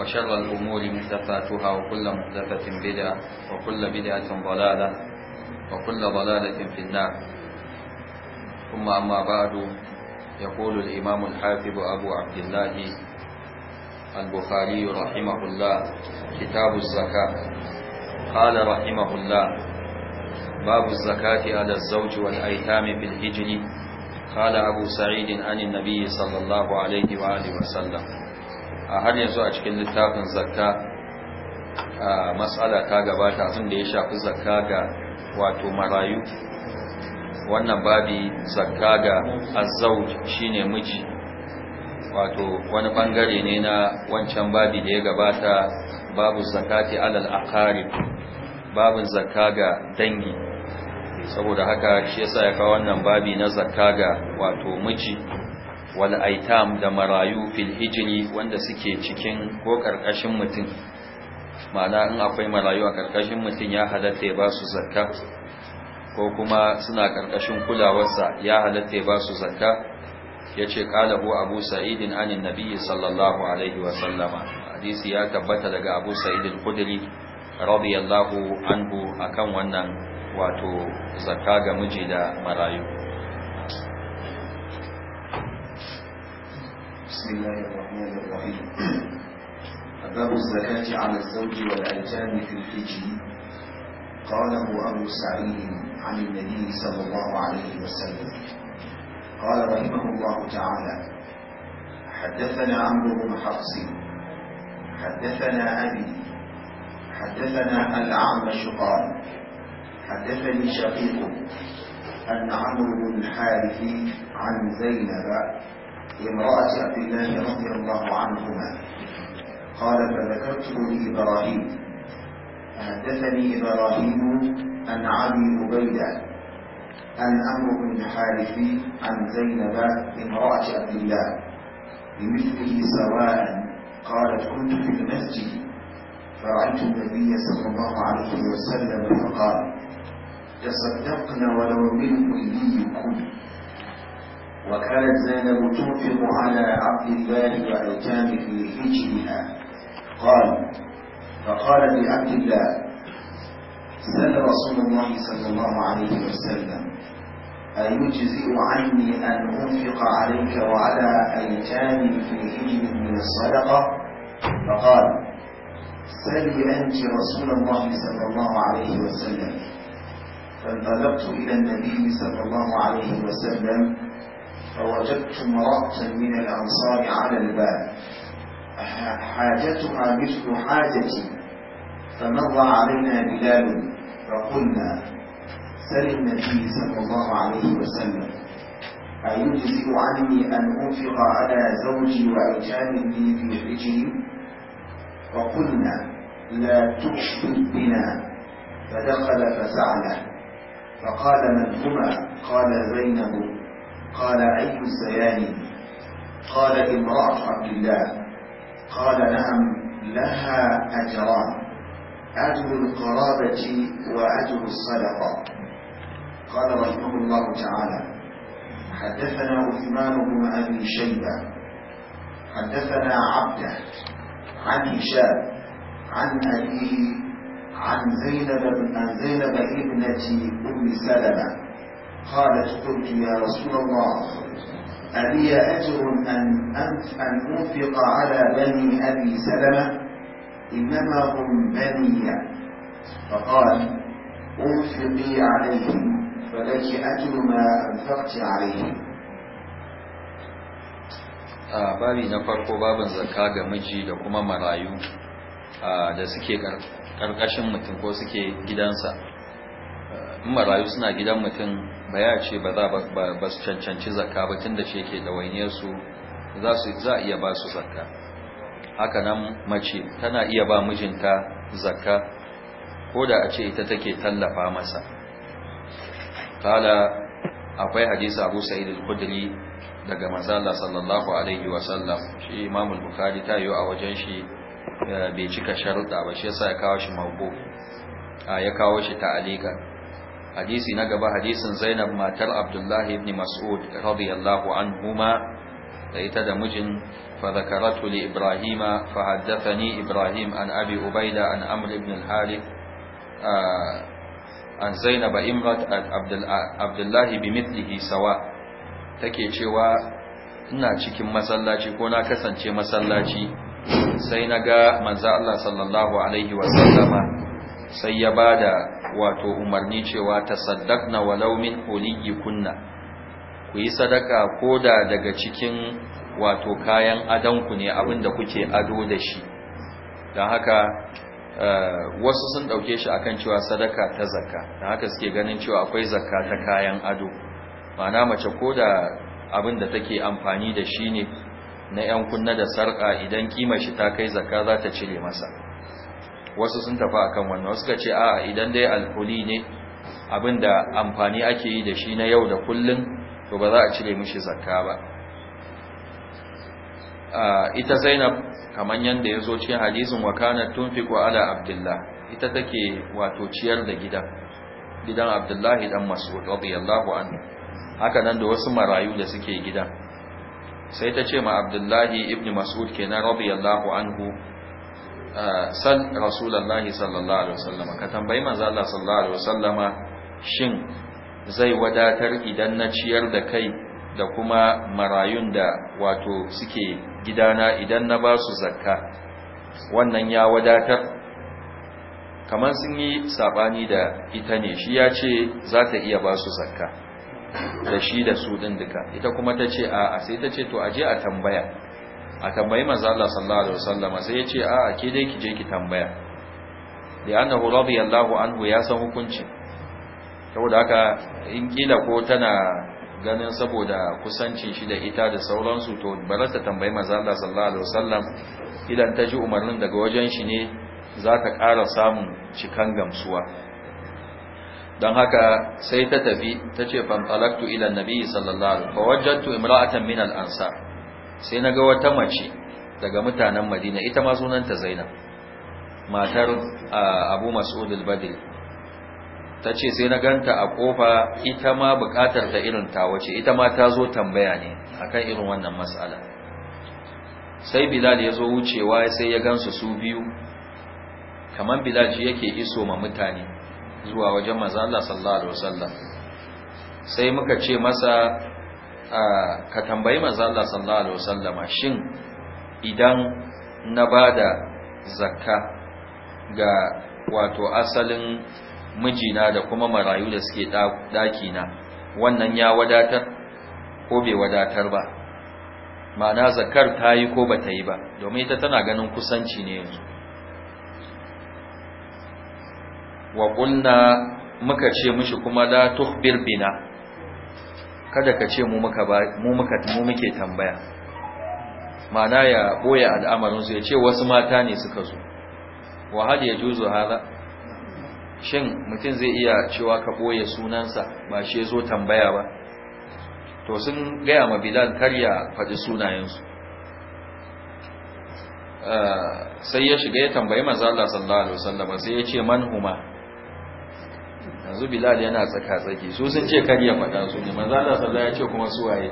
وشر الأمور محدثاتها وكل محدثة بدعة وكل بدعة ضلالة وكل ضلالة في النار ثم أما بعد يقول الإمام الحافظ أبو عبد الله البخاري رحمه الله كتاب الزكاة قال رحمه الله باب الزكاة على الزوج والأيتام في الهجر قال أبو سعيد عن النبي صلى الله عليه وآله وسلم a har yanzu a cikin littafin zakka a matsala ta gabata abin da ya shafi zakka ga wato marayu wannan babi zakka ga azzauj shine miji wato wani bangare ne na wancan babi da ya gabata babu zakati alal aqarib babin zakka ga dangi saboda haka shi yasa ya kawo wannan babi na zakka ga wato miji wal aitam da marayu fil hijri wanda suke cikin ko ƙarƙashin mutum ma'ana in akwai marayu a ƙarƙashin mutum ya halatta ya ba su zakka ko kuma suna karkashin kulawarsa ya halatta ya ba su zakka yace ce hu abu sa'idin anin nabiyyi sallallahu alaihi wa sallama hadisi ya tabbata daga abu sa'id al-khudri radiyallahu anhu akan wannan wato zakka ga miji da marayu بسم الله الرحمن الرحيم باب الزكاة على الزوج والأيتام في الفجر قاله أبو سعيد عن النبي صلى الله عليه وسلم قال رحمه الله تعالى حدثنا عمرو بن حفص حدثنا أبي حدثنا الأعمش قال حدثني شقيق أن عمرو بن الحارث عن زينب لامرأة عبد الله رضي الله عنهما قال فذكرته لإبراهيم فحدثني إبراهيم عن أبي عبيدة عن أمر بن الحارث عن زينب امرأة عبد الله بمثله سواء قالت كنت في المسجد فرأيت النبي صلى الله عليه وسلم فقال تصدقن ولو من كليكم وكانت زينب تنفق على عبد الله وأيتامه في حجرها قال فقال لعبد الله سأل رسول الله صلى الله عليه وسلم أيجزئ عني أن أنفق عليك وعلى أيتامي في حجر من الصدقة فقال سلي أنت رسول الله صلى الله عليه وسلم فانطلقت إلى النبي صلى الله عليه وسلم فوجدت امرأة من الأنصار على الباب حاجتها مثل حاجتي فمر علينا بلال فقلنا سل النبي صلى الله عليه وسلم أيجزئ عني أن أنفق على زوجي لي في حجري فقلنا لا تشهد بنا فدخل فسعله فقال من هما قال زينب قال أي الزياني قال امرأة عبد الله قال نعم لها أجران أجر القرابة وأجر الصدقة قال رحمه الله تعالى حدثنا عثمان بن أبي شيبة حدثنا عبده عن هشام عن أبيه عن زينب عن زينب ابنة أم سلمة قالت قلت يا رسول الله ألي أجر أن أن أنفق على بني أبي سلمة إنما هم بني فقال أنفقي عليهم فلك أجر ما أنفقت عليهم a babi na farko babin zakka ga miji da kuma marayu da suke karkashin mutum ko suke gidansa in marayu suna gidan mutum Baya ce ba za ba su cancanci zakka ba tun da shi ke ɗawainiyarsu za su za iya ba su zakka haka nan mace tana iya ba mijinta zakka ko da a ce ita take tallafa masa kala akwai hadisi abu sa'id al-khudri daga manzala sallallahu alaihi wa sallam shi imam al-bukhari ta yi a wajen shi eh, bai cika sharuda ba shi yasa ya kawo shi ta ya kawo shi ta'alika hadisi na gaba hadisin Zainab matar Abdullahi ibn Mas'ud radiyallahu anhuma da ita da mijin fa zakaratu li Ibrahim fa haddathani Ibrahim an Abi Ubaida an Amr ibn al-Harith an Zainab imrat Abdullah bimithlihi sawa take cewa ina cikin masallaci ko na kasance masallaci sai naga manzo Allah sallallahu alaihi wasallama sai ya ba da wato umarni cewa ta na walaumin oligi kunna ku yi sadaka ko da daga cikin wato kayan adanku ne abinda kuke ado da shi don haka eh, wasu sun dauke shi akan cewa sadaka ta zakka don haka suke ganin cewa akwai zakka ta kayan ado Mana mace ko da abinda take amfani da shi ne na yan kunna da sarka idan kima shi ta kai zakka za ta cire masa wasu sun tafi akan wannan wasu ka ce a'a idan dai alkuli ne abinda amfani ake yi da shi na yau da kullun to ba za a cire mishi zakka ba ita Zainab kaman yanda yazo cikin hadisin wa kanat tunfiqu ala Abdullah ita take wato ciyar da gidan gidan Abdullahi dan Mas'ud radiyallahu anhu haka nan da wasu marayu da suke gidan sai ta ce ma Abdullahi ibn Mas'ud kenan radiyallahu anhu Ah, san rasulullahi sallallahu alaihi wasallama ka tambayi manzo Allah sallallahu alaihi wasallama shin zai wadatar idan na ciyar da kai da kuma marayun da wato suke gidana idan na ba su zakka wannan ya wadatar kamar sun yi sabani da ita ne shi ya ce za ta iya ba su zakka da shi da su ɗin duka ita kuma ta ce a sai ta ce to aje a tambaya a tambayi manzo Allah sallallahu alaihi wasallam sai ya ce a'a ke dai ki je ki tambaya da annahu radiyallahu anhu ya san hukunci saboda haka in kila ko tana ganin saboda kusancin shi da ita da sauransu to ba ta tambayi manzo Allah sallallahu alaihi wasallam idan ta ji umarnin daga wajen shi ne za ta ƙara samun cikan gamsuwa don haka sai ta tafi ta ce fanfalaktu ilan nabi sallallahu alaihi wasallam fa imra'atan min al-ansar sai na ga wata mace daga mutanen madina ita ma sunanta zainab matar abu mas'ud al-badri ta ce sai na ganta a kofa ita ma bukatar ta irin ta wace ita ma ta zo tambaya ne akan irin wannan matsala sai bilal ya zo wucewa sai ya gansu su biyu kamar bilal shi yake iso ma mutane zuwa wajen manzo Allah sallallahu alaihi wasallam sai muka ce masa ka tambayi manzo Allah sallallahu alaihi wasallama shin idan na bada zakka ga wato asalin mijina da kuma marayu da suke daki na wannan ya wadatar ko bai wadatar ba ma'ana zakar ta yi ko ba ta yi ba domin ita tana ganin kusanci ne yanzu wa muka ce mishi kuma la tuhbir bina kada ka ce mu muka mu muke tambaya mana ya boye al'amarinsu ya ce wasu mata ne suka zo wa hada ya juzu hada shin mutum zai iya cewa ka boye sunansa ba shi zo tambaya ba to sun gaya ma bilal kar ya faɗi sunayensu eh, sai ya shiga ya tambayi manzo Allah sallallahu alaihi wasallam sai ya ce man huma yanzu bilal yana tsaka-tsaki su sun ce kar ya faɗa su ne manzana sallah ya ce kuma su waye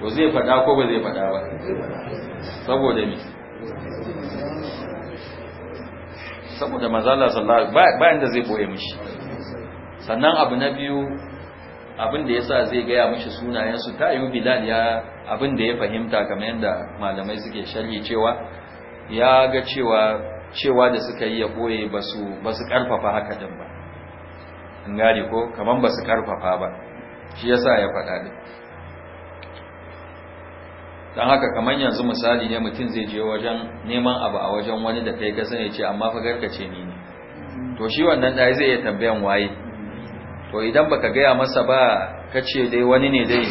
to zai faɗa ko ba zai faɗa ba saboda me saboda manzana sallah bayan da zai boye mishi sannan abu na biyu abin da yasa zai gaya mishi sunayensu ta yi bilal ya abin da ya fahimta kamar yadda malamai suke sharhi cewa ya ga cewa cewa da suka yi ya boye ba su karfafa haka din ba in ko kaman ba su karfafa ba shi yasa ya faɗa ne don haka kaman yanzu misali ne mutum zai je wajen neman abu a wajen wani da kai kasa ne ce amma fa garkace ni ne to shi wannan ɗaya zai iya tambayan waye to idan baka gaya masa ba ka ce dai wani ne dai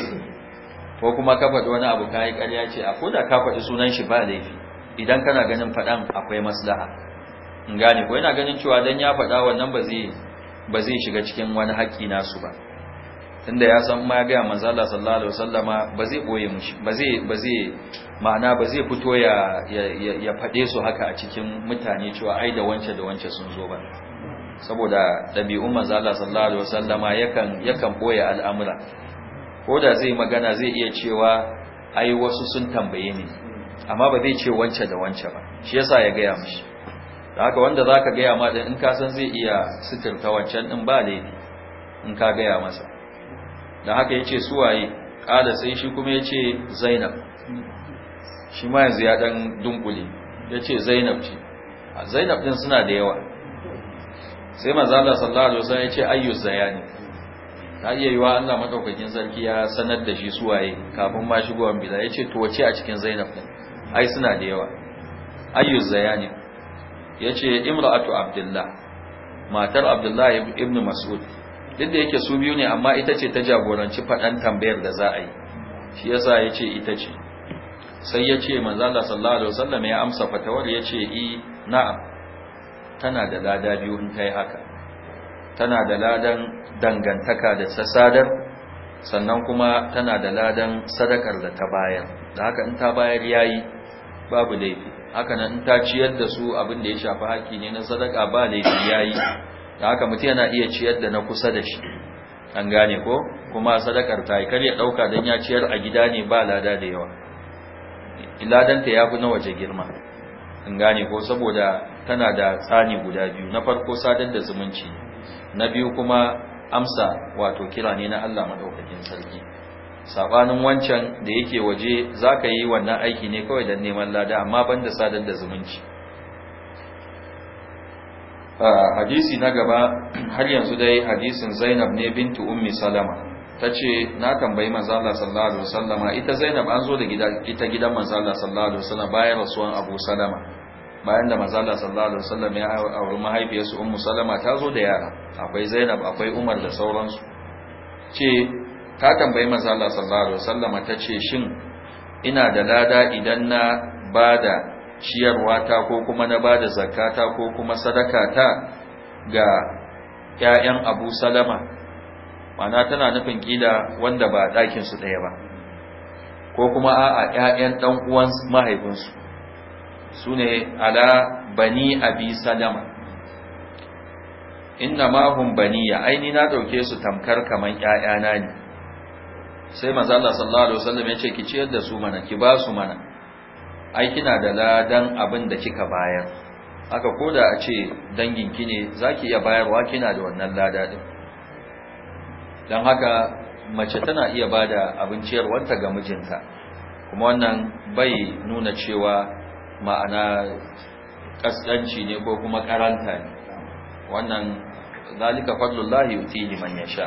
ko kuma ka faɗi wani abu ka yi ƙarya ce a koda ka faɗi sunan shi ba laifi idan kana ganin faɗan akwai maslaha in gane ko yana ganin cewa dan ya faɗa wannan ba zai ba zai shiga cikin wani haƙƙi nasu ba tunda ya san ma ga manzo Allah sallallahu alaihi wasallama ba zai boye mushi ba zai ba zai ma'ana ba zai fito ya ya fade su haka a cikin mutane cewa ai da wance da wance sun zo ba saboda dabi'un manzo Allah sallallahu alaihi wasallama yakan yakan boye al'amura ko da zai magana zai iya cewa ai wasu sun tambaye ni amma ba zai ce wance da wance ba shi yasa ya ga ya mushi da haka wanda za ka gaya ma in ka san zai iya suturta wancan ɗin ba laifi in ka gaya masa da haka ya ce suwaye ƙada sai shi kuma ya ce zainab shi ma yanzu ya ɗan dunkule ya ce zainab ce a zainab ɗin suna da yawa sai manzala sallallahu alaihi wasallam ya ce ayyuz zayani ta iya yiwa Allah madaukakin sarki ya sanar da shi suwaye kafin ma shigowar bila ya ce to wace a cikin zainab ɗin ai suna da yawa ayyuz zayani yace imra'atu abdullah matar abdullah ibn mas'ud duk da yake su biyu ne amma ita ce ta jagoranci fadan tambayar da za a yi shi yasa yace ita ce sai yace manzo Allah sallallahu alaihi wasallam ya amsa fatawar yace i na'am tana da lada biyu in kai haka tana da ladan dangantaka da sasadar sannan kuma tana da ladan sadakar da ta bayar da haka in ta bayar yayi babu laifi haka nan in ta ciyar da su abin da ya shafi haƙƙi ne na sadaka ba laifi yayi da haka mutum yana iya ciyar da na kusa da shi an gane ko kuma sadakar ta yi kar ya ɗauka don ya ciyar a gida ne ba lada da yawa ladanta ya fi na waje girma an gane ko saboda tana da tsani guda biyu na farko sadar da zumunci na biyu kuma amsa wato kira ne na Allah maɗaukakin sarki sabanin wancan da yake waje zaka yi wannan aiki ne kawai dan neman lada amma banda sadar da zumunci hadisi na gaba har yanzu dai hadisin Zainab ne bintu ummi Salama tace na tambayi manzo Allah sallallahu alaihi ita Zainab an zo da gida ita gidan manzo Allah sallallahu alaihi bayan rasuwan Abu Salama bayan da manzo Allah sallallahu alaihi ya auri mahaifiyarsa ummu Salama ta zo da yara akwai Zainab akwai Umar da sauransu ce ta tambayi manzo Allah sallallahu alaihi wasallam tace shin ina da lada idan na bada ciyarwa ta ko kuma na bada zakata ko kuma sadakata ga ƴaƴan Abu Salama mana tana nufin kila wanda ba dakinsu su ɗaya ba ko kuma a'a ƴaƴan dan uwan mahaifinsu sune ala bani abi salama inna ma hum baniya aini na dauke su tamkar kaman ƴaƴana ne sai manzo Allah sallallahu alaihi wasallam ya ki ciyar da su mana ki ba su mana ai kina da ladan abin da kika bayar haka koda a ce dangin ki ne zaki iya bayarwa kina da wannan lada din dan haka mace tana iya bada abin ciyarwarta ga mijinta kuma wannan bai nuna cewa ma'ana kaskanci ne ko kuma karanta ne wannan zalika fadlullahi yutihi man yasha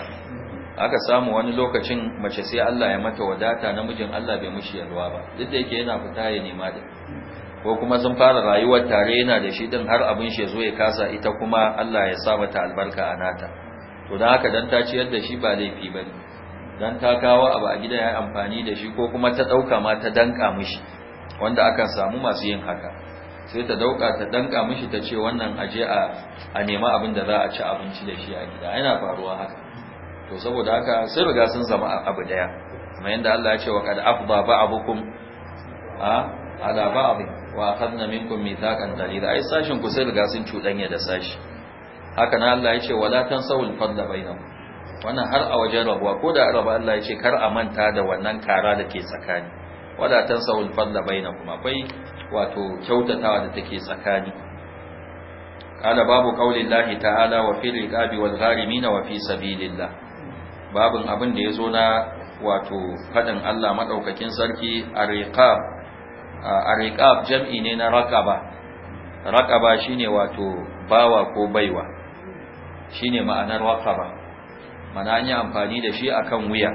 aka samu wani lokacin mace sai Allah ya mata wadata namijin Allah bai mushi yalwa ba duk da yake yana fita ya nema da ko kuma sun fara rayuwar tare yana da shi din har abin shi ya zo ya kasa ita kuma Allah ya sa mata albarka a nata to dan haka dan ta ciyar da shi ba laifi ba dan ta kawo abu a gida ya amfani da shi ko kuma ta dauka ma ta danka mishi wanda akan samu masu yin haka sai ta dauka ta danka mishi ta ce wannan aje a a nema abin da za a ci abinci da shi a gida yana faruwa haka to saboda haka sai riga sun zama abu daya kamar yadda Allah ya ce wa kad afda ba'abukum a ala ba'd wa akhadna minkum mithaqan dalila ai sashin ku sai riga sun cudanya da sashi haka nan Allah ya ce wala tansawul fadla bainakum wannan har a wajen rabuwa ko da raba Allah ya ce kar a manta da wannan kara da ke tsakani wala tansawul fadla bainakum akwai wato kyautatawa da take tsakani قال باب قول الله تعالى وفي الرقاب والغارمين وفي سبيل الله babin abin da ya zo na wato faɗin Allah maɗaukakin sarki a riƙab jam'i ne na raƙaba raƙaba shi ne wato bawa ko baiwa shi ne ma'anar raƙaba mana an yi amfani da shi a kan wuya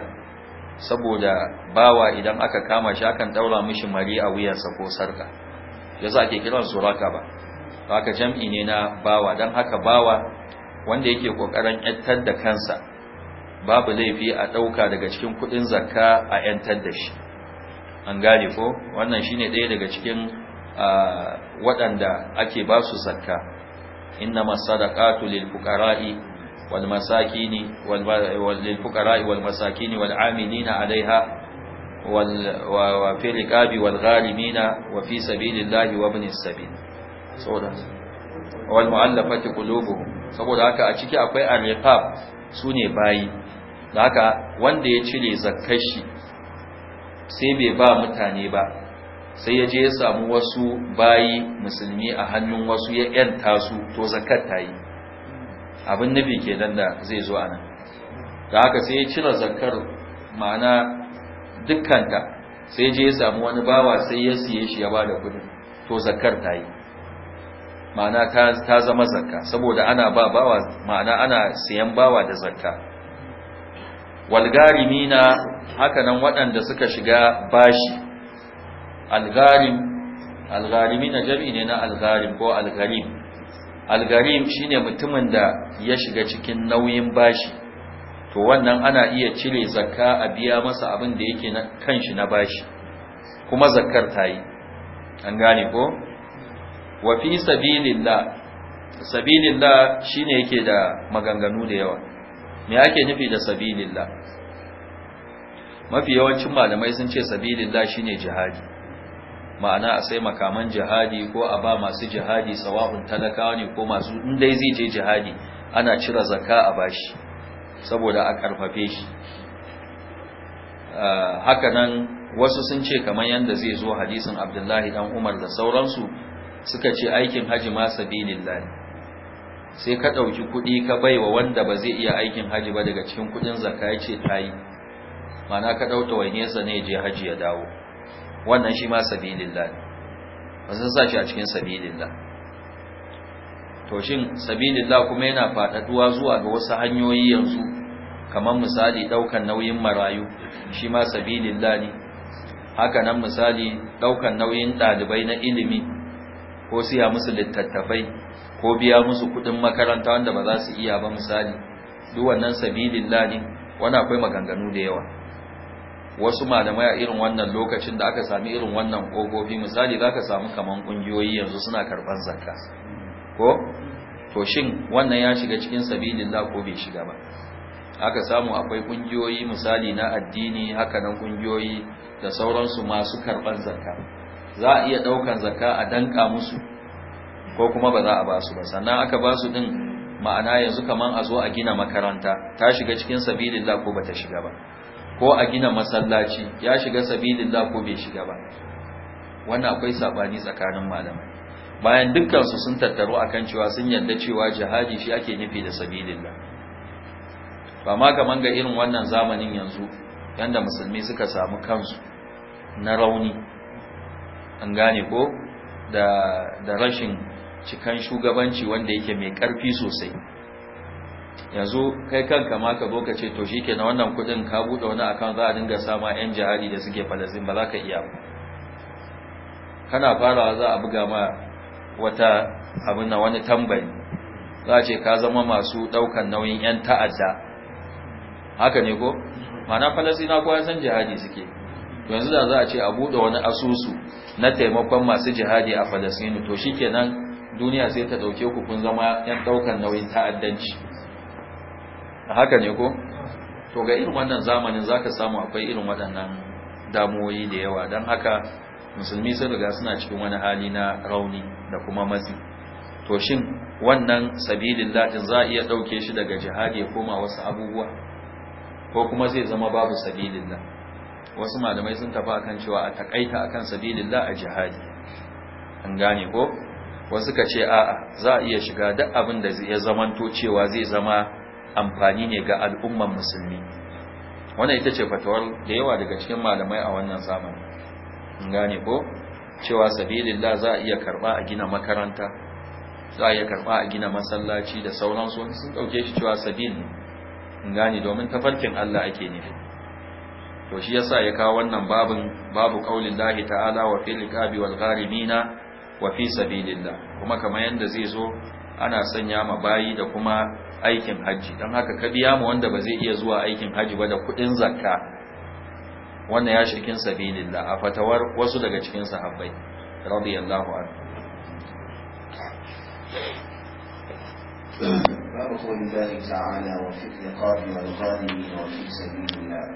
saboda bawa idan aka kama shi akan ɗaura mishi mari a wuyarsa ko sarka ya za ke kiransu raƙaba haka jam'i ne na bawa don haka bawa wanda yake ƙoƙarin ‘yattar da kansa babu laifi a ɗauka daga cikin kuɗin zakka a ‘yantar da shi an gane ko wannan shi ne ɗaya daga cikin waɗanda ake ba su zakka inna masadaqatu lil fuqara'i wal masakini wal fuqara'i wal masakini wal amilina 'alayha وفي الرقاب والغالمين وفي سبيل الله وابن السبيل saboda wal mu'allafati qulubuhum saboda haka a ciki akwai al-riqab sune bayi da haka wanda ya cire shi sai bai ba mutane ba sai ya je ya samu wasu bayi musulmi a hannun wasu ya yanta su to zakkar ta yi abin nufi nan da zai zo a nan da haka sai ya cire zakkar ma'ana dukkanta sai je ya samu wani bawa sai ya siye shi ya bada kudin to zakkar ta yi ma'ana ta zama zakka saboda ana ba bawa ma'ana ana siyan bawa da zakka walgarimina hakanan waɗanda suka shiga bashi algarim algarimina jami'i ne na algarim ko algarim algarim shine mutumin da ya shiga cikin nauyin bashi to wannan ana iya cire zakka a biya masa abin da yake na kanshi na bashi kuma zakkar ta an gane ko wa fi sabilillah sabilillah shine yake da maganganu da yawa me ake nufi da sabilillah mafi yawancin malamai sun ce sabilillah shine jihadi ma'ana a sai makaman jihadi ko a ba masu jihadi sawa'un talakawa ne ko masu indai zai je jihadi ana cire zakka a bashi saboda a karfafe shi ah, haka nan wasu sun ce kamar yadda zai zo hadisin abdullahi dan umar da sauransu suka ce aikin haji ma sabilillah sai ka ɗauki kuɗi ka bai wa wanda ba zai iya aikin haji ba daga cikin kuɗin Zaka ya ce ta yi mana ka ɗauta yasa ne je haji ya dawo wannan shi ma sabilillah ne ba sun sa shi a cikin sabilin da. to shin da kuma yana faɗaɗuwa zuwa ga wasu hanyoyi yanzu kamar misali ɗaukan nauyin marayu shi ma sabilillah ne haka nan misali ɗaukan nauyin ɗalibai na ilimi ko siya musu littattafai ko biya musu kudin makaranta wanda ba za su iya ba misali duk wannan sabilillah ne wani akwai maganganu da yawa wasu malamai a irin wannan lokacin da aka sami irin wannan kofofi misali za ka samu kaman kungiyoyi yanzu suna karban zakka ko to shin wannan ya shiga cikin sabilillah ko bai shiga ba aka samu akwai ƙungiyoyi misali na addini haka nan kungiyoyi da sauransu masu karban zakka za a iya daukan zakka a danka musu ko kuma ba za a ba su ba sannan aka ba su din ma'ana yanzu kaman a zo a gina makaranta ta shiga cikin sabilillah ko bata shiga ba ko a gina masallaci ya shiga sabilillah ko bai shiga ba wannan akwai sabani tsakanin malamai bayan dukkan su sun tattaro akan cewa sun yarda cewa jihadi shi ake nufi da sabilillah ba ma kaman ga irin wannan zamanin yanzu yanda musulmi suka samu kansu na rauni an gane ko da da rashin cikan shugabanci wanda yake mai ƙarfi sosai yanzu kai kanka ma ka zo ka ce to shi ke na wannan kudin ka buɗe wani akan za a dinga sama yan jihadi da suke falazin ba za ka iya ba kana farawa za a buga ma wata abin na wani tambari za a ce ka zama masu ɗaukan nauyin yan ta'adda haka ne ko mana na kowa san jihadi suke yanzu da za a ce a buɗe wani asusu na taimakon masu jihadi a falasinu to shi shikenan duniya sai ta dauke ku kun zama yan daukan nauyin ta'addanci haka ne ko to ga irin wannan zamanin zaka samu akwai irin waɗannan damuwoyi da yawa dan haka musulmi sun riga suna cikin wani hali na rauni da kuma matsi to shin wannan sabilin din za iya ɗauke shi daga jihadi ya koma wasu abubuwa ko kuma zai zama babu sabilin wasu malamai sun tafi akan cewa a takaita akan sabililla a jihadi an gane ko wasu ka ce a'a za a iya shiga duk abin da ya zamanto cewa zai zama amfani ne ga al'umman musulmi wannan ita ce fatawar da yawa daga cikin malamai a wannan zamani gane ko cewa sabilillah za a iya karba a gina makaranta za a iya karba a gina masallaci da sauransu wani sun dauke shi cewa sabil ne gane domin tafarkin Allah ake nufi to shi yasa ya kawo wannan babin babu qaulin lahi ta'ala wa fil qabi wal gharimina wa fi sabilillah kuma kamar yanda zai zo ana sanya ma bayi da kuma aikin haji dan haka ka biya mu wanda ba zai iya zuwa aikin haji ba da kudin zakka wannan ya shirkin sabilillah a fatawar wasu daga cikin sahabbai radiyallahu anhu باب قول الله تعالى وفي الرقاب والغانم وفي سبيل الله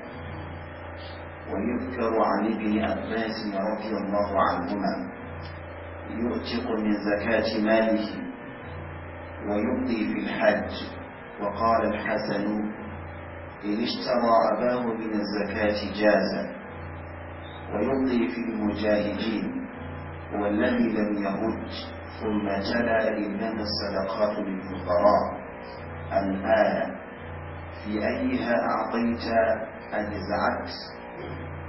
ويذكر عن ابن عباس رضي الله عنهما يعتق من زكاة ماله ويبقي في الحج وقال الحسن إن اشترى أباه من الزكاة جازا ويمضي في المجاهدين والذي لم يهج ثم تلا إنما الصدقات للفقراء الآية في أيها أعطيت أن زعت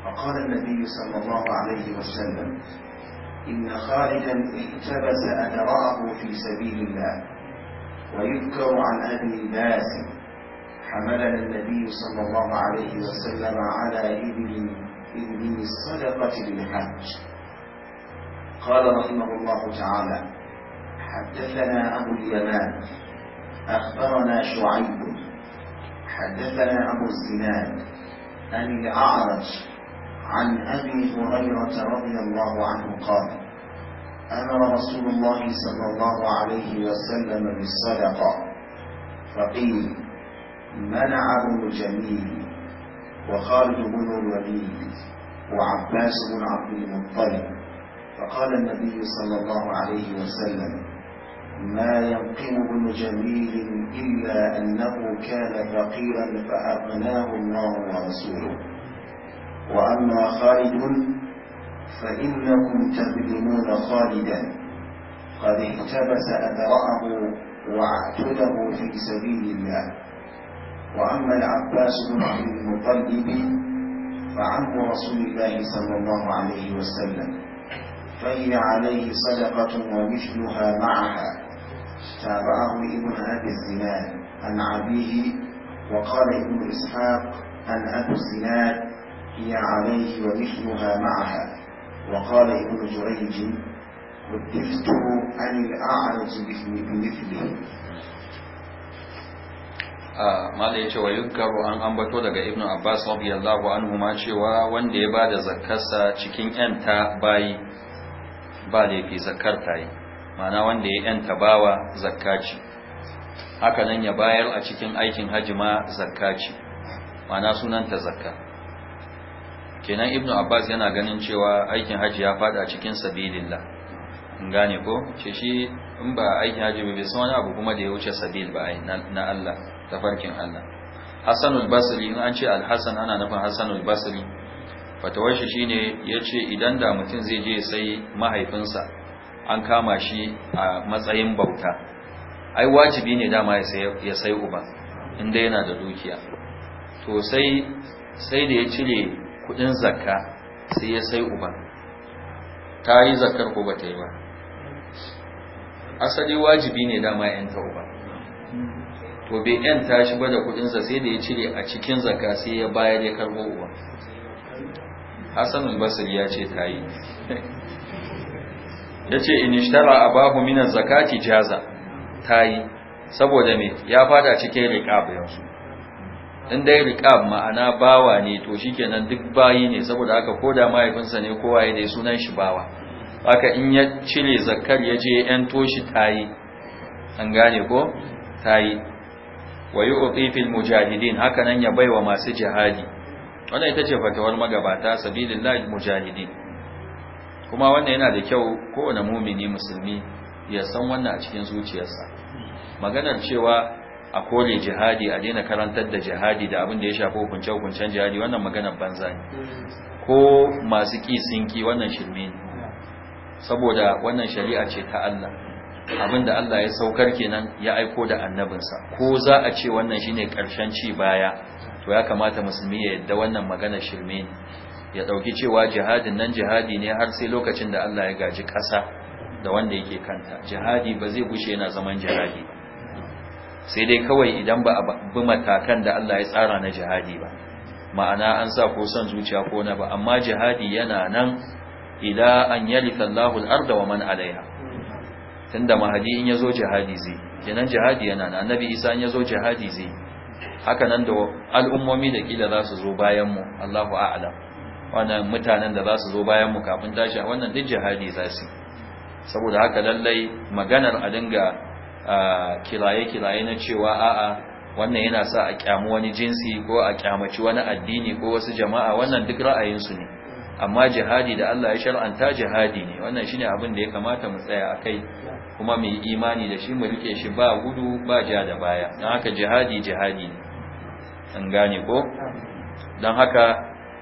فقال النبي صلى الله عليه وسلم إن خالدا احتبس أدرعه في سبيل الله ويذكر عن أبي باس حملنا النبي صلى الله عليه وسلم على إبل إبن الصدقة للحج قال رحمه الله تعالى حدثنا أبو اليمان أخبرنا شعيب حدثنا أبو الزناد أن الأعرج عن أبي هريرة رضي الله عنه قال أمر رسول الله صلى الله عليه وسلم بالصدقة فقيل منع ابن جميل وخالد بن الوليد وعباس بن عبد المطلب فقال النبي صلى الله عليه وسلم ما ينقم ابن جميل إلا أنه كان فقيرا فأغناه الله ورسوله وأما خالد فإنكم تظلمون خالدا قد احتبس أذرعه واعتده في سبيل الله وأما العباس بن عبد المطلب فعم رسول الله صلى الله عليه وسلم فهي عليه صدقة ومثلها معها تابعه ابن أبي الزناد عن أبيه وقال ابن إسحاق عن أبو الزناد هي عليه ومثلها معها وقال ابن جريج ردفته عن الأعرج بمثله mala ya ce wa yukkaru an ambato daga ibnu abbas radiyallahu anhu ma cewa wanda ya bada zakarsa cikin yanta bayi ba laifi zakar ta yi mana wanda ya yanta bawa zakkaci haka nan ya bayar a cikin aikin hajji ma zakkaci mana sunanta zakka kenan ibnu abbas yana ganin cewa aikin haji ya fada cikin sabilillah in gane ko ce shi in ba aikin haji bai san wani abu kuma da ya wuce sabil ba ai na Allah tafarkin Allah al Basri in an ce Al-Hasan ana nufin al Basri fatawar shi shine yace idan da mutum zai je sai mahaifinsa an kama shi a matsayin bauta ai wajibi ne dama ya sai uba inda yana da dukiya to sai sai da ya cire kudin zakka sai ya sai uban ta yi zakkar ko ba ta yi ba asali wajibi ne dama yanta uba to bai yanta shi ba da sa sai da ya cire a cikin zakka sai ya bayar ya karbo uba hasanul basri ya ce ta yi ya ce in ishtara abahu minan zakati jaza ta yi saboda me ya fada cikin riƙa yansu in dai riqab ma'ana bawa ne to shi shikenan duk bayi ne saboda haka koda mahaifinsa ne kowa ya dai sunan shi bawa haka in ya cire zakkar ya je yan toshi tayi an gane ko tayi wa yu'ti fil mujahidin haka nan ya baiwa masu jihadi wannan ita ce fatawar magabata sabilillahi mujahidin kuma wannan yana da kyau kowane mumini musulmi ya san wannan a cikin zuciyarsa maganar cewa a kore jihadi a daina karantar da jihadi da abin da ya shafi hukunce-hukuncen jihadi wannan maganar banza ne ko masu sun ki wannan shirme ne saboda wannan shari'a ce ta Allah abin da Allah ya saukar kenan ya aiko da annabinsa ko za a ce wannan shine ƙarshen ci baya to ya kamata musulmi ya yadda wannan magana shirme ne ya ɗauki cewa jihadin nan jihadi ne har sai lokacin da Allah ya gaji ƙasa da wanda yake kanta jihadi ba zai bushe yana zaman jihadi ba sai dai kawai idan ba a bi matakan da Allah ya tsara na jihadi ba ma'ana an sa ko son zuciya ko na ba amma jihadi yana nan ila an yalita, Allahu al-arda wa man alaiha tunda mahadi in yazo jihadi zai kenan jihadi yana nan annabi Isa in yazo jihadi zai haka nan da al'ummomi da kila za su zo bayan mu Allahu a'lam wannan mutanen da za su zo bayan mu kafin tashi wannan duk jihadi za su saboda haka lallai maganar a dinga kilaye kiraye na cewa a'a wannan yana sa a kyamu wani jinsi ko a kyamaci wani addini ko wasu jama'a wannan duk ra'ayinsu ne amma jihadi da Allah ya shar'anta jihadi ne wannan shine abin da ya kamata mu tsaya akai kuma mu yi imani da shi mu rike shi ba gudu ba ja da baya dan haka jihadi jihadi ne an gane ko Don haka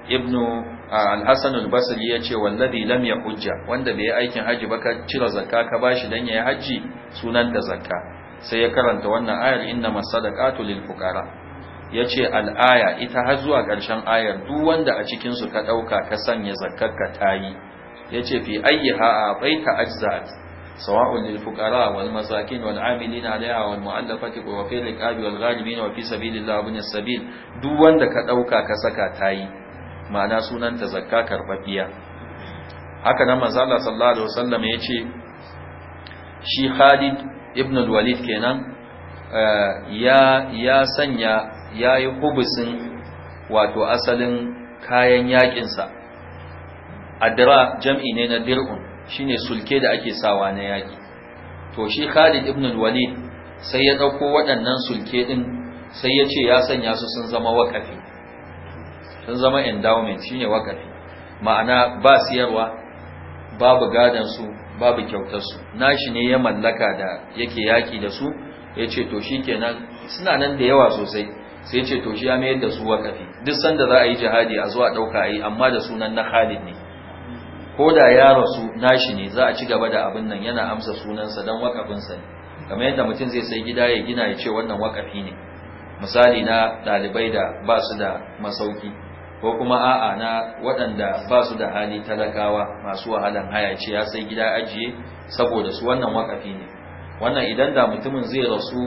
ibnu al AlHassanul al-Basri ce, wallazi lam hujja wanda bai aikin haji ba ka cire zakka ka bashi dan yayi haji sunan ta zakka sai ya karanta wannan ayar inna masadaqatu lil fuqara yace al-aya ita har zuwa ƙarshen ayar duk wanda a cikin su ka dauka ka sanya zakkar ka tayi yace fi ayyiha abaita ajza'at sawa'un lil fuqara wal masakin wal amilina alaiha wal mu'allafati wa fi riqabi wal ghalimin wa fi sabilillah ibn sabil duk wanda ka dauka ka saka tayi ma'ana sunanta zakka karɓaɓɓiya haka nan manzo Allah sallallahu alaihi wasallam ya ce shi Khalid ibn al-Walid kenan eh, ya ya sanya yayi hubusin wato asalin kayan yakin sa adra jam'i ne na dir'un shine sulke da ake sawa na yaki to shi Khalid ibn al-Walid sai ya dauko waɗannan sulke din sai ya ce ya sanya su sun zama wakafi sun zama endowment shine wakafi ma'ana ba siyarwa babu gadan su babu kyautar su nashi ne ya mallaka da yake yaki da su yace to shikenan suna nan da yawa sosai sai yace to shi ya mayar da su wakafi duk sanda za a yi jihadi a zuwa dauka yi amma da sunan na Khalid ne ko da ya rasu nashi ne za a ci gaba da abin nan yana amsa sunansa dan wakafin ne kamar yadda mutum zai sai gida ya gina ya ce wannan wakafi ne misali na ɗalibai da ba su da masauki ko kuma a'a na waɗanda ba su da hali talakawa masu wahalan haya ce ya sai gida ajiye saboda su wannan wakafi ne wannan idan da mutumin zai rasu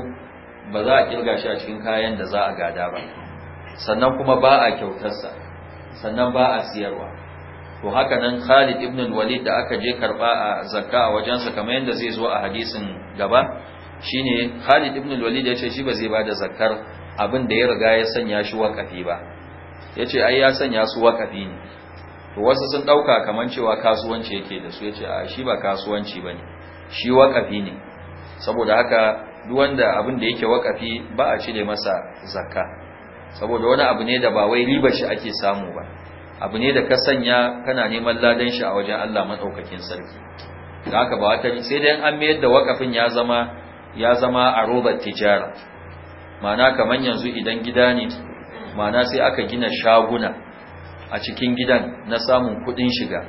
ba za a kirga shi a cikin kayan da za a gada ba sannan kuma ba a kyautarsa sannan ba a siyarwa to haka nan Khalid ibn walid da aka je karba a zakka a wajensa kamar yadda zai zo a hadisin gaba shine Khalid ibn walid ya ce shi ba zai bada zakkar abin da ya riga ya sanya shi wakafi ba ya ce ai ya sanya su wakafi ne to wasu sun ɗauka kamar cewa kasuwanci yake da su ya ce a shi ba kasuwanci ba ne shi wakafi ne saboda haka duwanda abin da yake wakafi ba a cire masa zakka saboda wani abu ne da ba wai riba shi ake samu ba abu ne da ka sanya kana neman ladan shi a wajen Allah maɗaukakin sarki da haka ba wata sai dai an mayar da wakafin ya zama ya zama a robar tijara ma'ana kamar yanzu idan gida ne ma'ana sai aka gina shaguna a cikin gidan na samun kudin shiga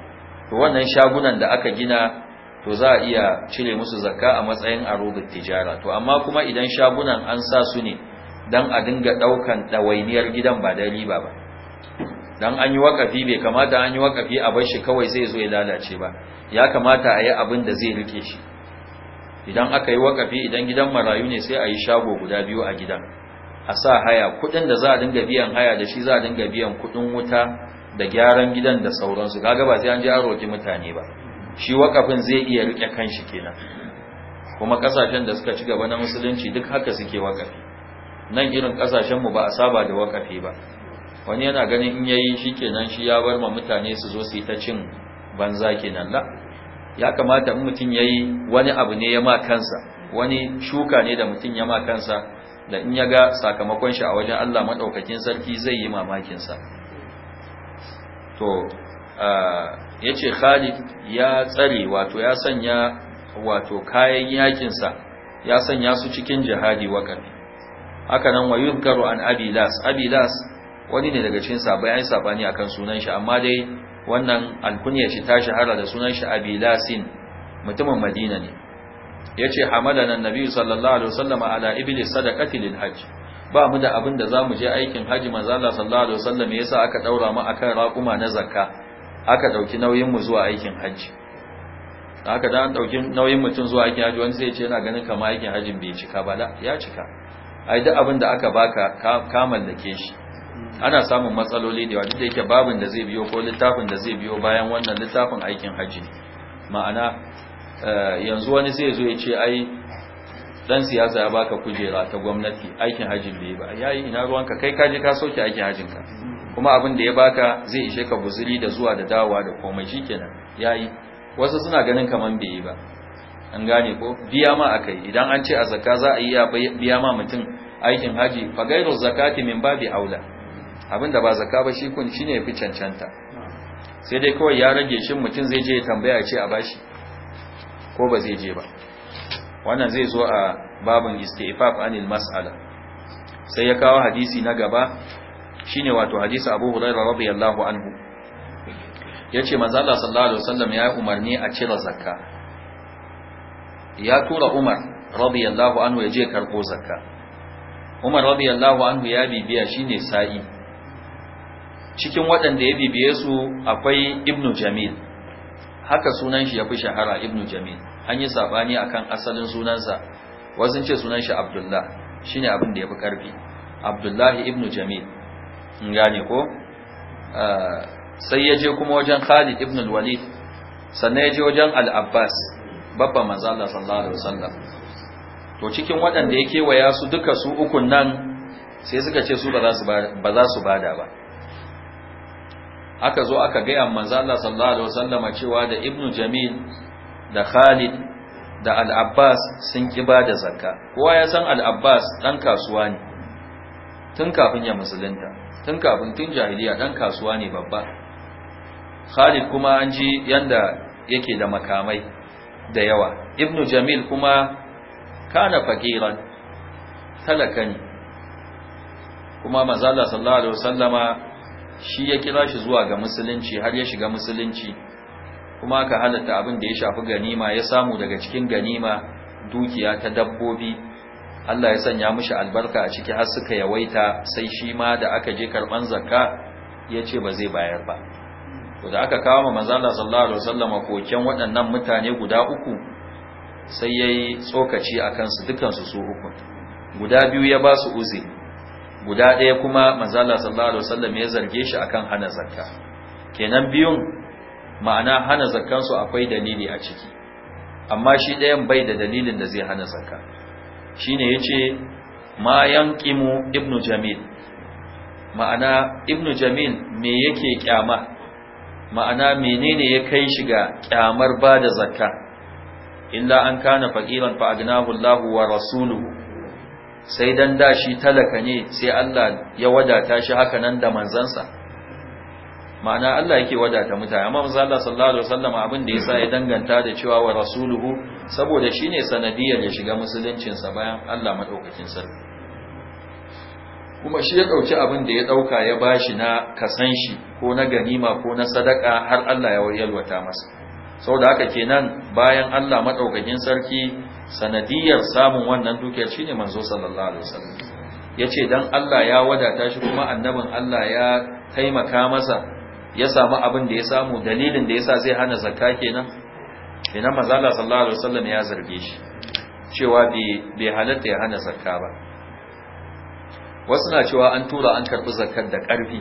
to wannan shagunan da aka gina to za a iya cire musu zakka a matsayin arobin tijara to amma kuma idan shagunan an sa su ne don a dinga daukan ɗawainiyar gidan ba da riba ba don an yi wakafi bai kamata an yi wakafi a bar shi kawai zai zo ya lalace ba ya kamata a yi abin da zai rike shi idan aka yi wakafi idan gidan marayu ne sai a yi shago guda biyu a gidan a sa haya kudin da za a dinga biyan haya da shi za a dinga biyan kudin wuta da gyaran gidan da sauransu kaga ba sai an ji an mutane ba shi wakafin zai iya rike kanshi kenan kuma kasashen da suka ci gaba na musulunci duk haka suke wakafi nan irin kasashen mu ba a saba da wakafi ba wani yana ganin in yayi shi kenan shi ya bar ma mutane su zo su yi ta cin banza kenan la ya kamata in mutum yayi wani abu ne ya ma kansa wani shuka ne da mutum ya ma kansa da in ya ga sakamakon shi a wajen Allah maɗaukakin sarki zai yi mamakinsa to ya ce khalid ya tsare wato ya sanya wato kayan yakinsa ya sanya su cikin jihadi waƙafi haka nan wa yuzkaru an abilas abilas wani ne daga cikin sabai ai sabani akan sunan shi amma dai wannan alkunya shi ta shahara da sunan shi abilasin mutumin madina ne Ya ce hamada nan nabi sallallahu alaihi wasallam ala iblis sadaqati lil hajj ba mu da abin da zamu je aikin haji manzo Allah sallallahu alaihi wasallam yasa aka daura mu akan raquma na zakka aka dauki nauyin mu zuwa aikin haji aka da an dauki nauyin mutum zuwa aikin haji wani sai ce yana ganin kamar aikin hajin bai cika ba da ya cika ai duk abin da aka baka ka mallake shi ana samun matsaloli da yawa da yake babin da zai biyo ko littafin da zai biyo bayan wannan littafin aikin haji ma'ana Eh, yanzu wani zai zo ya ce ai dan siyasa ya baka kujera ta gwamnati aikin hajjin bai ba yayi ina ruwanka kai kaje ka soke aikin hajin ka kuma abin da ya baka zai ishe ka buzuri da zuwa da dawowa da komai shikenan yayi wasu suna ganin kaman bai yi ba an gane ko biya ma akai idan an ce a zakka za a iya biya ma mutum aikin haji fa gairu zakati min babi aula abin da ba zakka ba shi kun shine yafi cancanta sai dai kawai ya rage shin mutum zai je ya tambaya ce a bashi ko ba zai je ba wannan zai zo a babin istifaf anil mas'ala sai ya kawo hadisi na gaba shine wato hadisi Abu Hurairah radiyallahu anhu yace manzo Allah sallallahu alaihi wasallam ya umarni a cire zakka ya tura Umar radiyallahu anhu ya je karbo zakka Umar radiyallahu anhu ya bibiya shine sa'i cikin waɗanda ya bibiye su akwai Ibn Jamil haka sunan shi ya fi shahara ibn jamil an yi sabani akan asalin sunansa wasu ce sunan shi abdullah ne abin da ya fi karfi abdullahi ibn jamil in gane ko ah, sai ya je kuma wajen khalid ibn walid sannan ya je wajen al-abbas babban manzo sallallahu alaihi wasallam to cikin waɗanda ya kewaya su duka su ukun nan sai suka ce su ba za su bada ba aka zo aka gaya manzo Allah sallallahu alaihi wasallama cewa da ibnu jamil da khalid da al-abbas sun kiba da zakka kowa ya san al-abbas dan kasuwa ne tun kafin ya musulunta tun kafin tun jahiliya dan kasuwa ne babba khalid kuma an ji yanda yake da makamai da yawa ibnu jamil kuma kana fakiran talaka ne kuma manzo Allah sallallahu alaihi wasallama shi ya kira shi zuwa ga musulunci har ya shiga musulunci kuma ka halatta abin da ya shafi ganima ya samu daga cikin ganima dukiya ta dabbobi Allah ya sanya mishi albarka a ciki har suka yawaita sai shi ma da aka je karban zakka ya ce ba zai bayar ba to da aka kawo manzo Allah sallallahu alaihi wasallam koken waɗannan mutane guda uku sai yayi tsokaci akan su dukan su su uku guda biyu ya ba su uzuri guda ɗaya kuma manzala sallallahu alaihi wasallam ya zarge shi akan hana zakka kenan biyun ma'ana hana zakkan su akwai dalili a ciki amma shi ɗayan bai da dalilin da zai hana zakka shine yace ma yanqimu ibnu jamil ma'ana ibnu jamil me yake kyama ma'ana menene ya kai shi ga kyamar da zakka illa an kana faqiran fa agnahu Allahu wa rasuluhu sai dan da shi talaka ne sai Allah ya wadata shi haka nan da manzansa ma'ana Allah yake wadata mutane amma manzo Allah sallallahu alaihi wasallam abin da yasa ya danganta da cewa wa rasuluhu saboda shine sanadiyar ya shiga musuluncin sa bayan Allah madaukakin sa. kuma shi ya dauki abin da ya dauka ya bashi na kasan shi ko na ganima ko na sadaka har Allah ya yalwata masa Sau da haka kenan bayan Allah maɗaukakin sarki sanadiyar samun wannan dukiyar shi ne manzo sallallahu alaihi wasallam ce don Allah ya wadata shi kuma annabin Allah ya taimaka masa ya samu abin da ya samu dalilin da ya sa zai hana zakka kenan kenan maza Allah sallallahu alaihi wasallam ya zarge shi cewa bai halatta ya hana zakka ba wasu na cewa an tura an karɓi zakkar da ƙarfi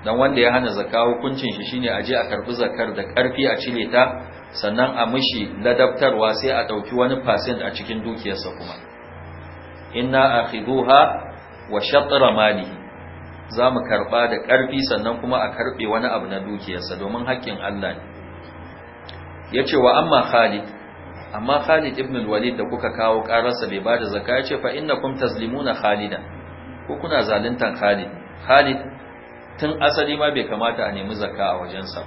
dan wanda ya hana zakka hukuncin shi shine aje a karbi zakar da karfi a cire ta sannan a mishi ladabtarwa sai a dauki wani percent a cikin dukiyarsa kuma inna akhiduha wa shatr malihi zamu karba da karfi sannan kuma a karbe wani abu na dukiyarsa domin haƙƙin Allah ne yace wa amma Khalid amma Khalid ibn al-Walid da kuka kawo ƙararsa bai bada zakka yace fa innakum tazlimuna Khalida ko kuna zaluntan Khalid Khalid tun asali ma bai kamata a nemi zakka a wajensa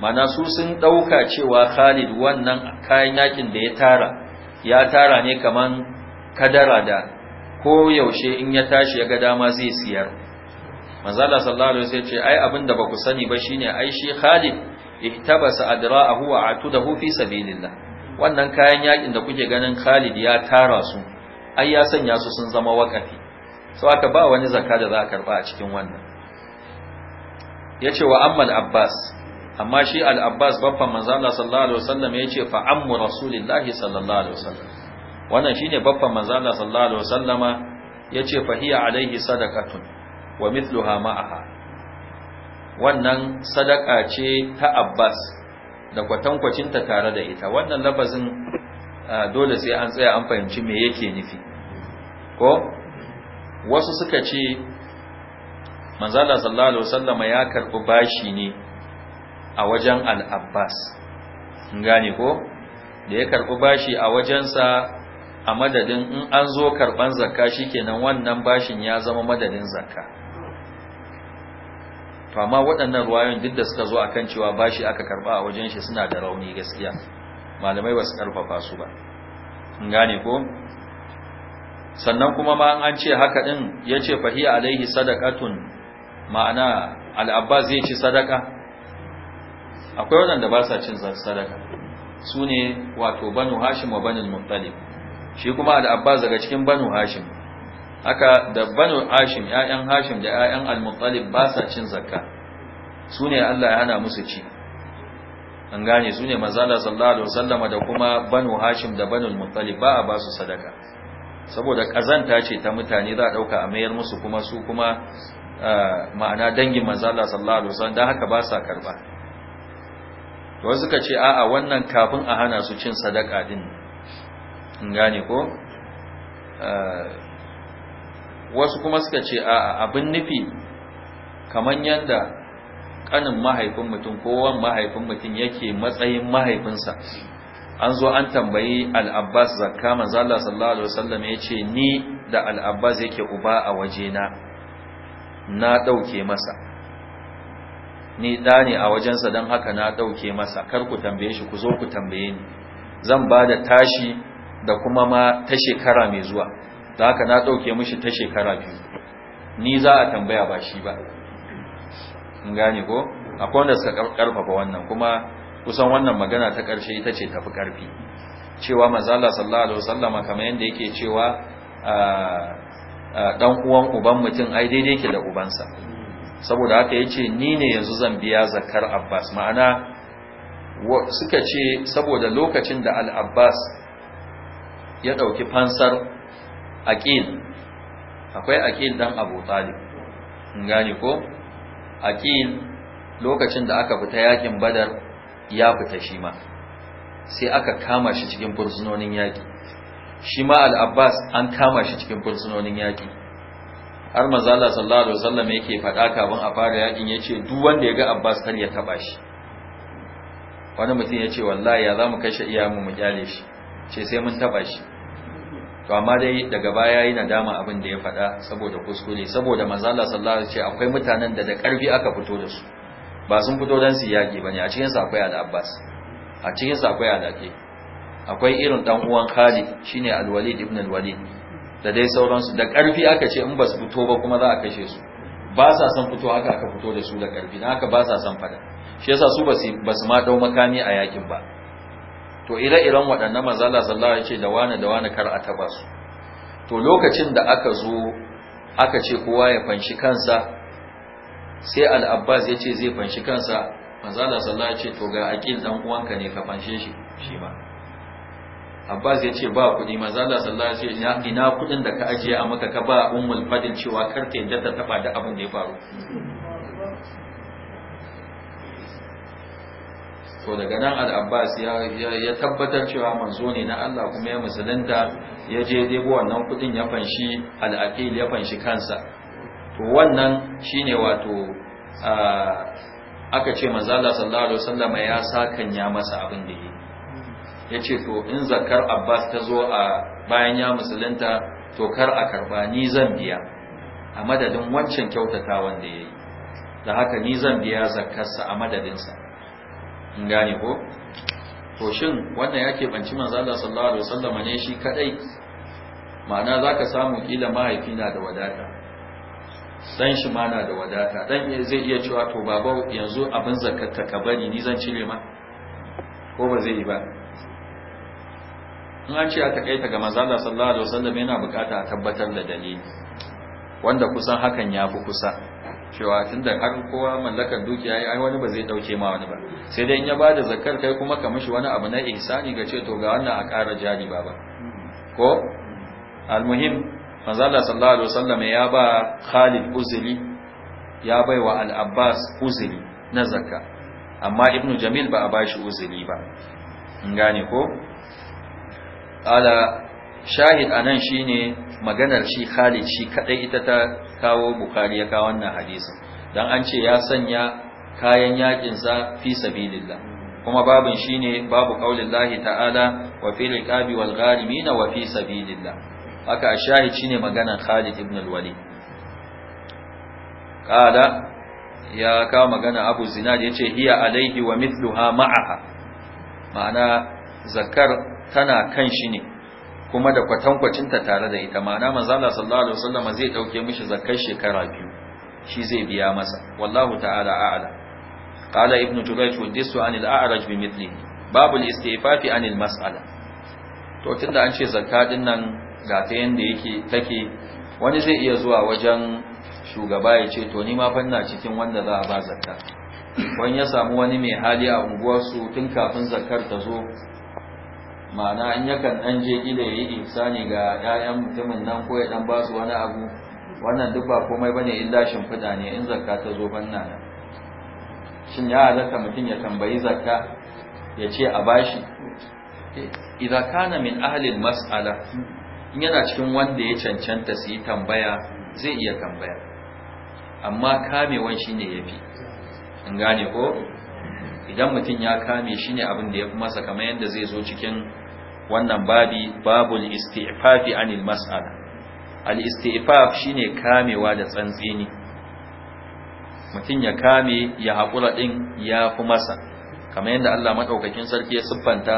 mana su sun ɗauka cewa khalid wannan kayan yakin da ya tara ya tara ne kaman kadara da ko yaushe in ya tashi ya ga dama zai siyar manzala sallallahu alaihi wasallam ce ai abin da baku sani ba shine ai shi khalid ihtabasa adra'ahu wa atudahu fi sabilillah wannan kayan yakin da kuke ganin khalid ya tara su ai ya sanya su sun zama wakafi sau aka ba wani zakka da za a karba a cikin wannan ya ce wa ammal abbas amma shi al-abbas babban manzo Allah sallallahu alaihi wasallam ya ce fa ammu rasulillahi sallallahu alaihi wasallam wannan shi ne babban manzo Allah sallallahu alaihi wasallam ya ce fa hiya alaihi sadakatun wa mithluha ma'aha wannan sadaka ce ta abbas da kwatankwacinta tare da ita wannan labazin dole sai an tsaya an fahimci me yake nufi ko wasu suka ce manzala sallallahu alaihi wasallama ya karbi bashi ne a wajen al-abbas gane ko da ya karbi bashi a wajensa a madadin in an zo karban zakka shikenan wannan bashin ya zama madadin zakka to amma waɗannan ruwayoyin duk da suka zo akan cewa bashi aka karba a wajen shi suna da rauni gaskiya malamai ba su karfafa su ba gane ko sannan kuma ma an ce haka din yace fahiya alaihi sadaqatun ma'ana al'abbas zai ci sadaka akwai waɗanda ba sa cin sadaka su ne wato banu hashim wa banin muttalib shi kuma al'abbas daga cikin banu hashim haka da banu hashim ‘ya'yan hashim da ‘ya'yan al-muttalib ba sa cin zakka su ne allah ya hana musu ci an gane su ne mazala sallallahu alaihi wasallama da kuma banu hashim da banu muttalib ba a ba su sadaka saboda kazanta ce ta mutane za a dauka a mayar musu kuma su kuma ma'ana dangin manzala sallallahu alaihi wasallam dan haka ba sa karba to suka ce a'a wannan kafin a hana su cin sadaka din in gane ko wasu kuma suka ce a'a abin nufi kaman yanda kanin mahaifin mutum kowan mahaifin mutum yake matsayin mahaifinsa an zo an tambayi al'abbas zakka manzala sallallahu alaihi wasallam ya ce ni da al'abbas yake uba a wajena na ɗauke masa ni ɗa ne a wajensa don haka na ɗauke masa kar ku tambaye shi ku zo ku tambaye ni zan ba da tashi da kuma ma ta shekara mai zuwa da haka na ɗauke mishi ta shekara biyu ni za a tambaya ba shi ba in gane ko akwai wanda suka karfafa wannan kuma kusan wannan magana ta ƙarshe ita ce tafi ƙarfi cewa Allah sallallahu alaihi wasallama kamar yadda yake cewa ah, dan uwan uban mutum ai daidai ke da ubansa saboda haka yace ni ne yanzu zan biya zakar Abbas ma'ana suka ce saboda lokacin da al-Abbas ya dauki fansar Aqil akwai Aqil dan Abu Talib in gane ko Aqil lokacin da aka fita yakin Badar ya fita shi ma sai aka kama shi cikin burzunonin yaki shi ma al-abbas an kama shi cikin fursunonin yaƙi har mazala sallallahu alaihi wasallam yake faɗa kafin a fara yaƙin yace duk wanda ya ga abbas kar ya taba shi wani mutum yace wallahi ya zamu kashe iya mu mu kyale shi ce sai mun taba shi to amma dai daga baya yayi nadama abin da ya faɗa saboda kuskure saboda mazala sallallahu alaihi wasallam akwai mutanen da da ƙarfi aka fito da su ba sun fito don su yaƙi bane a cikin sa akwai al-abbas a cikin sa akwai alake akwai irin dan uwan Khalid shine Al-Walid ibn Al-Walid da dai sauransu da ƙarfi aka ce in ba su fito ba kuma za a kashe su ba sa son fito haka aka fito da su da ƙarfi dan haka ba sa son fada shi yasa su ba su ma dau makami a yakin ba to ire-iren waɗannan mazala sallallahu alaihi ce da wani da wani kar a taba su to lokacin da aka zo aka ce kowa ya fanshi kansa sai al-Abbas ya ce zai fanshi kansa manzala sallallahu alaihi ce to ga aqil dan uwanka ne ka fanshe shi shi ma abbas ya ce ba kuɗi maza Allah sallallahu alaihi wasallam ya ina kuɗin da ka ajiye a maka ka ba ummul fadin cewa kar ta yadda ta taba da abin da ya faru to daga nan al-abbas ya tabbatar cewa manzo ne na Allah kuma ya musulunta ya je debo wannan kuɗin ya fanshi al-aqil ya fanshi kansa to wannan shine wato aka ce manzo Allah sallallahu alaihi wasallam ya sakanya masa abin da yake ya ce to in zakar abbas ta zo a bayan ya musulunta to kar a karba ni zan biya a madadin wancan kyautata wanda ya yi da haka ni zan biya zakarsa a madadinsa in gane ko to shin wannan ya keɓanci manzala sallawa da wasallam ne shi kaɗai? ma'ana za ka samu kila mahaifi na da wadata dan shi ma na da wadata dan zai iya cewa to baba yanzu abin zakarta ka bari ni zan cire ma ko ba zai yi ba in an ce a kaita ga maza sallallahu alaihi wasallam yana bukata a tabbatar da dalili wanda kusan hakan ya fi kusa cewa tunda har kowa mallakar dukiya yayi ai wani ba zai dauke ma wani ba sai dai in ya bada zakar kai kuma ka mishi wani abu na ihsani ga ce to ga wannan a ƙara jari baba ko almuhim manzo Allah sallallahu alaihi wasallam ya ba Khalid uzuri ya baiwa al-Abbas uzuri na zakka amma Ibn jamil ba a bashi uzuri ba in gane ko qala shahid anan shine maganar shi Khalid shi kadai ita ta kawo Bukhari ya kawo wannan hadisin dan an ce ya sanya kayan yakin sa fi sabilillah kuma babin shine babu qaulillahi ta'ala wa fil qabi wal ghalimin wa fi sabilillah haka shahid shine maganar Khalid ibn al-Walid ya kawo magana abu zinad yace hiya alaihi wa mithluha ma'aha ma'ana zakar tana kan shi ne kuma da kwatankwacinta tare da ita ma'ana manzala sallallahu alaihi wasallam zai dauke mishi zakkar shekara biyu shi zai biya masa wallahu ta'ala a'la qala ibnu wa wadisu anil a'raj babu babul istifafi anil mas'ala to tunda an ce zakka din nan ga ta yanda yake take wani zai iya zuwa wajen shugaba ya ce to ni ma fanna cikin wanda za a ba zakka wani ya samu wani mai hali a unguwarsu tun kafin zakkar ta zo ma'ana in yakan dan je gida yayi ihsani ga ƴaƴan mutumin nan ko ya dan ba su wani abu wannan duk ba komai bane illa shimfiɗa ne in zakka ta zo banna nan shin ya halatta mutum ya tambayi zakka ya ce a bashi idan kana min ahli mas'ala in yana cikin wanda ya cancanta su yi tambaya zai iya tambaya amma kamewan shine yafi an gane ko idan mutum ya kame shi ne abin da ya fi masa kamar yadda zai zo cikin wannan babi babul isti'fafi anil mas'ala al isti'faf shine kamewa da tsantsini mutum ya kame ya haƙura ɗin ya fi masa kamar yadda Allah maɗaukakin sarki ya siffanta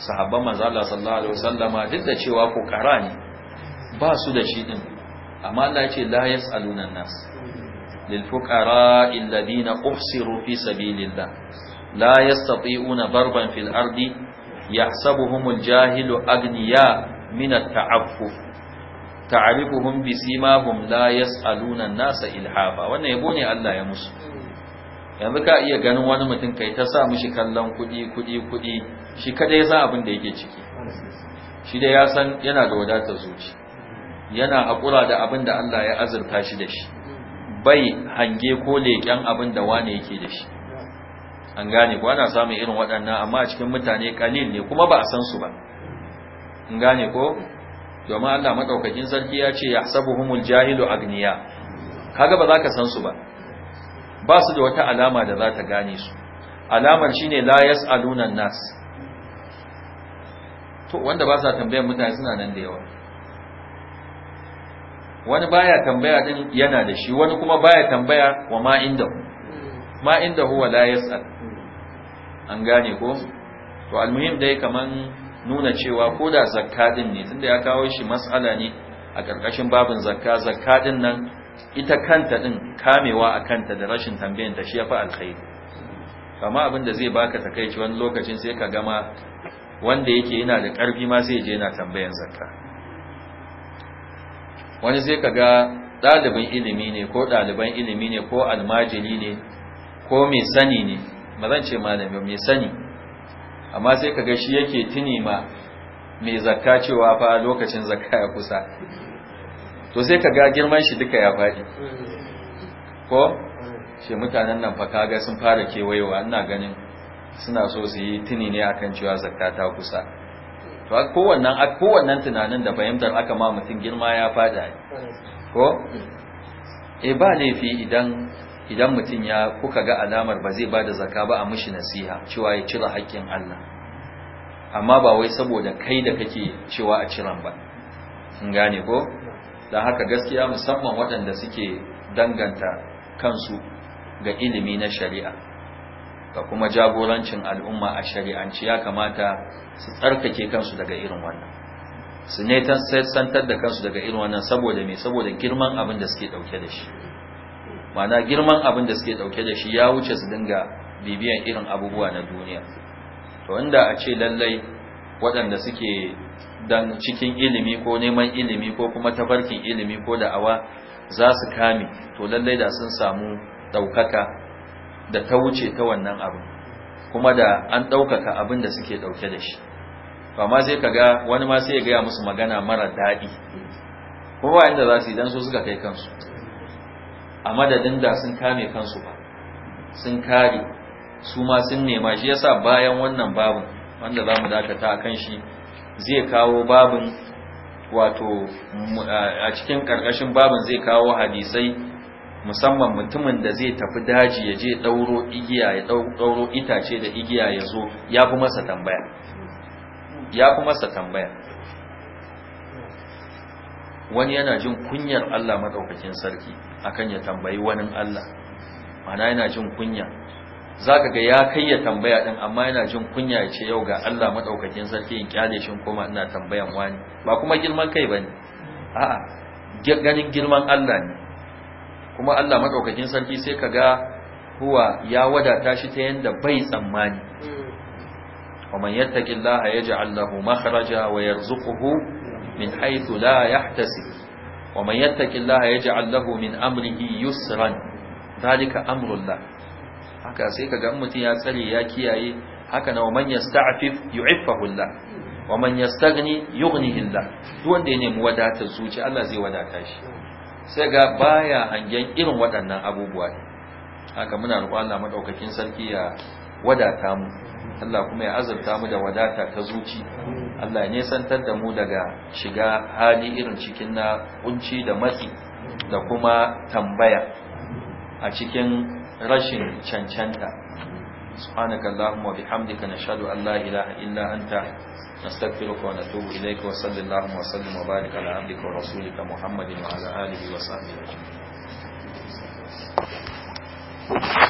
sahabban manzo Allah sallallahu alaihi duk da cewa kokara ne ba su da shi din amma Allah ya ce la nas للفقراء الذين أحصروا في سبيل الله لا يستطيعون ضربا في الأرض يحسبهم الجاهل أغنياء من التعفف تعرفهم بسيماهم لا يسألون الناس إلحافا wannan yabo ne Allah ya musu yanzu ka iya ganin wani mutum kai ta sa mishi kallon kudi kudi kudi shi kada ya san abin da yake ciki shi da ya san yana da wadatar zuci yana haƙura da abin da Allah ya azurta shi da shi bai hange ko leƙen abin da wane yake da shi an gane ko ana samun irin waɗannan amma a cikin mutane kalil ne kuma ba a san su ba an gane ko domin Allah madaukakin sarki ya ce yahsabuhumul jahilu agniya kaga ba za ka san su ba ba su da wata alama da za ta gane su alamar shine layas a nas to wanda ba sa tambayar mutane suna nan da yawa wani baya tambaya din yana da shi wani kuma baya tambaya wa ma inda hu ma inda hu wa la yas'al an gane ko to almuhim dai kaman nuna cewa ko da zakka din ne tunda ya kawo shi mas'ala ne a karkashin babin zakka zakka din nan ita kanta din kamewa a kanta da rashin tambayan ta shi yafi alkhairi kama abin da zai baka takaici wani lokacin sai ka gama wanda yake yana da karfi ma sai je yana tambayan zakka wani zai ka ga ɗalibin ilimi ne ko ɗaliban ilimi ne ko almajiri ne ko mai sani ne ba zan ce malami mai sani amma sai ka shi yake tuni ma mai zakka cewa fa lokacin zakka ya kusa to sai ka ga girman shi duka ya faɗi ko shi mutanen nan fa kaga sun fara kewayewa ina ganin suna so su yi tuni ne akan cewa zakka ta kusa to kowannan kowannan tunanin da fahimtar aka ma mutum girma ya fada ko e ba laifi idan idan mutum ya kuka ga alamar ba zai bada zaka ba a mishi nasiha cewa ya cira haƙƙin Allah amma ba wai saboda kai da kake cewa a ciran ba in gane ko dan haka gaskiya musamman waɗanda suke danganta kansu ga ilimi na shari'a da kuma jagorancin al'umma a shari'anci ya kamata su tsarkake kansu daga irin wannan su ne santar da kansu daga irin wannan saboda me saboda girman abin da suke dauke da shi mana girman abin da suke dauke da shi ya wuce su dinga bibiyan irin abubuwa na duniya to inda a ce lallai waɗanda suke dan cikin ilimi ko neman ilimi ko kuma tafarkin ilimi ko da'awa za su kame to lallai da sun samu ɗaukaka da ta wuce ta wannan abin kuma da an ɗaukaka abin da suke ɗauke da shi ba ma sai ga wani ma sai ya gaya musu magana mara daɗi kuma ba inda za su idan so suka kai kansu a madadin da sun kame kansu ba sun kare su ma sun nema shi yasa bayan wannan babin wanda za mu dakata a kan shi zai kawo babin wato a cikin ƙarƙashin babin zai kawo hadisai musamman mutumin da zai tafi daji ya je ɗauro igiya ya ɗauro itace da igiya ya zo ya fi masa tambaya ya fi masa tambaya wani yana jin kunyar Allah maɗaukakin sarki akan ya tambayi wani Allah mana yana jin kunya za ka ga ya kai ya tambaya ɗin amma yana jin kunya ya ce yau ga Allah maɗaukakin sarki in kyale shi koma ina tambayan wani ba kuma girman kai ba ne a'a ganin girman Allah ne kuma Allah madaukakin sarki sai kaga huwa ya wadata shi ta yanda bai tsammani ومن يتق الله يجعل له مخرجا ويرزقه من حيث لا يحتسب ومن يتق الله يجعل له من امره يسرا ذلك امر الله haka sai kaga in mutum ya tsare ya kiyaye haka na man yasta'fif yu'iffahu Allah wa man yastaghni yughnihi Allah duk wanda ya nemi wadatar zuci Allah zai wadata shi sai ga baya hangen irin waɗannan abubuwa haka muna roƙon Allah madaukakin sarki ya wadata mu Allah kuma ya azurta mu da wadata ta zuci Allah ya nesantar da mu daga shiga hali irin cikin na kunci da matsi da kuma tambaya a cikin rashin cancanta سبحانك اللهم وبحمدك نشهد أن لا إله إلا أنت نستغفرك ونتوب إليك وصلى اللهم وسلم وبارك على عبدك ورسولك محمد وعلى آله وصحبه أجمعين